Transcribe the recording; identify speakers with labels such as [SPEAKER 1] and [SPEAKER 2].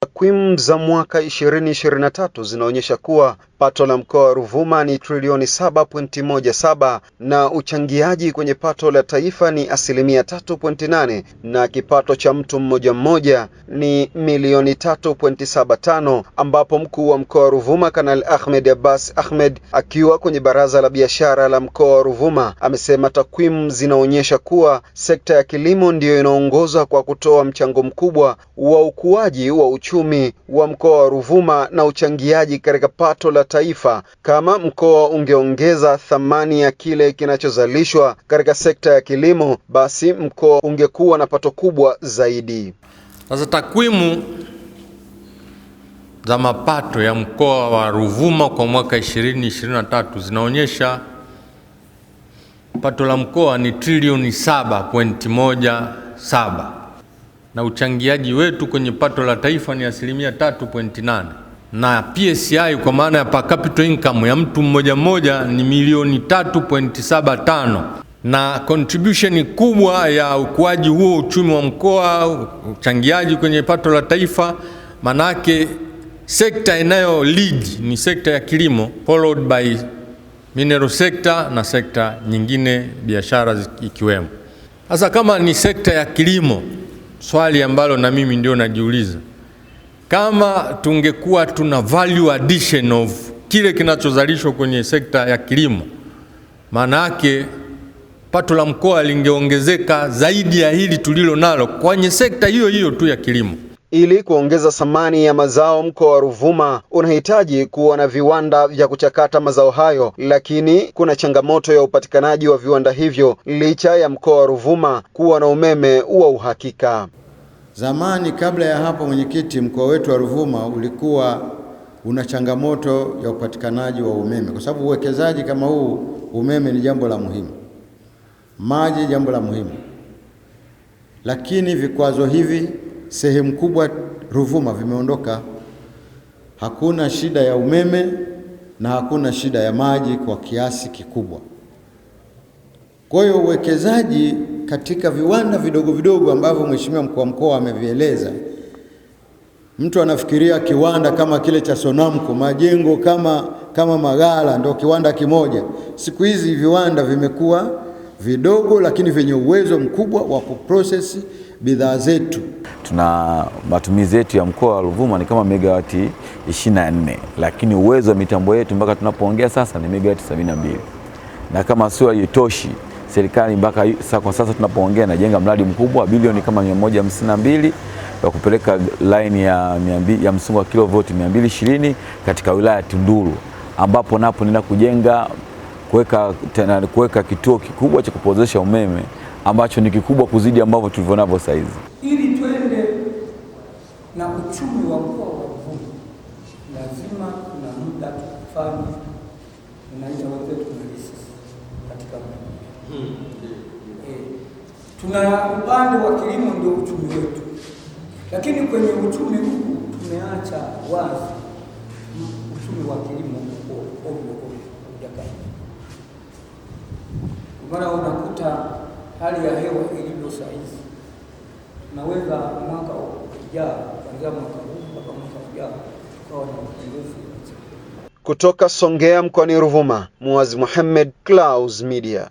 [SPEAKER 1] Takwimu za mwaka 2023 zinaonyesha kuwa pato la mkoa wa Ruvuma ni trilioni 717 na uchangiaji kwenye pato la taifa ni asilimia 38 na kipato cha mtu mmoja mmoja ni milioni 375 ambapo mkuu wa mkoa wa Ruvuma Kanali Ahmed Abbas Ahmed akiwa kwenye baraza la biashara la mkoa wa Ruvuma amesema takwimu zinaonyesha kuwa sekta ya kilimo ndiyo inaongoza kwa kutoa mchango mkubwa wa ukuaji wa uchumi wa mkoa wa Ruvuma na uchangiaji katika pato la taifa kama mkoa ungeongeza thamani ya kile kinachozalishwa katika sekta ya kilimo, basi mkoa ungekuwa na pato kubwa zaidi.
[SPEAKER 2] Sasa takwimu za mapato ya mkoa wa Ruvuma kwa mwaka 2023 zinaonyesha pato la mkoa ni trilioni 7.17 na uchangiaji wetu kwenye pato la taifa ni asilimia 3.8 na PCI kwa maana ya per capita income ya mtu mmoja mmoja ni milioni 3.75 na contribution kubwa ya ukuaji huo uchumi wa mkoa, uchangiaji kwenye pato la taifa, manake sekta inayo lead ni sekta ya kilimo followed by mineral sector na sekta nyingine biashara ikiwemo. Sasa kama ni sekta ya kilimo swali ambalo na mimi ndio najiuliza, kama tungekuwa tuna value addition of kile kinachozalishwa kwenye sekta ya kilimo, maana yake pato la mkoa lingeongezeka zaidi ya hili tulilo nalo kwenye sekta hiyo hiyo tu ya kilimo.
[SPEAKER 3] Ili kuongeza thamani ya mazao, mkoa wa Ruvuma unahitaji kuwa na viwanda vya kuchakata mazao hayo, lakini kuna changamoto ya upatikanaji wa viwanda hivyo licha ya mkoa wa Ruvuma kuwa na umeme wa uhakika.
[SPEAKER 4] Zamani kabla ya hapo, mwenyekiti, mkoa wetu wa Ruvuma ulikuwa una changamoto ya upatikanaji wa umeme, kwa sababu uwekezaji kama huu, umeme ni jambo la muhimu, maji jambo la muhimu, lakini vikwazo hivi sehemu kubwa Ruvuma vimeondoka. Hakuna shida ya umeme na hakuna shida ya maji kwa kiasi kikubwa. Kwa hiyo uwekezaji katika viwanda vidogo vidogo ambavyo mheshimiwa mkuu wa mkoa amevieleza, mtu anafikiria kiwanda kama kile cha Sonamko, majengo kama kama maghala ndio kiwanda kimoja. Siku hizi viwanda vimekuwa vidogo, lakini vyenye uwezo mkubwa wa kuprocess bidhaa zetu.
[SPEAKER 5] Tuna matumizi yetu ya mkoa wa Ruvuma ni kama megawati 24, lakini uwezo wa mitambo yetu mpaka tunapoongea sasa ni megawati 72, na kama sio haitoshi serikali mpaka kwa sasa tunapoongea inajenga mradi mkubwa bilioni kama 152 wa kupeleka laini ya, ya msungu wa kilovoti 220 katika wilaya ya Tunduru ambapo napo nina kujenga kuweka kituo kikubwa cha kupozesha umeme ambacho ni kikubwa kuzidi ambavyo tulivyonavyo sasa hizi.
[SPEAKER 6] Ili twende na uchumi wa mkoa wa Ruvuma, lazima kuna muda tufanye unaita wenzetu katika hmm. E, tuna upande wa kilimo ndio uchumi wetu, lakini kwenye uchumi huu tumeacha wazi uchumi wa kilimo ovyo ovyo, maana unakuta hali ya hewa ilivyo sahizi, tunaweza mwaka ujao kuanzia mwaka huu mpaka mwaka ujao tukawa na upungufu.
[SPEAKER 7] Kutoka Songea mkoani Ruvuma, Muazi Muhammad, Clouds Media.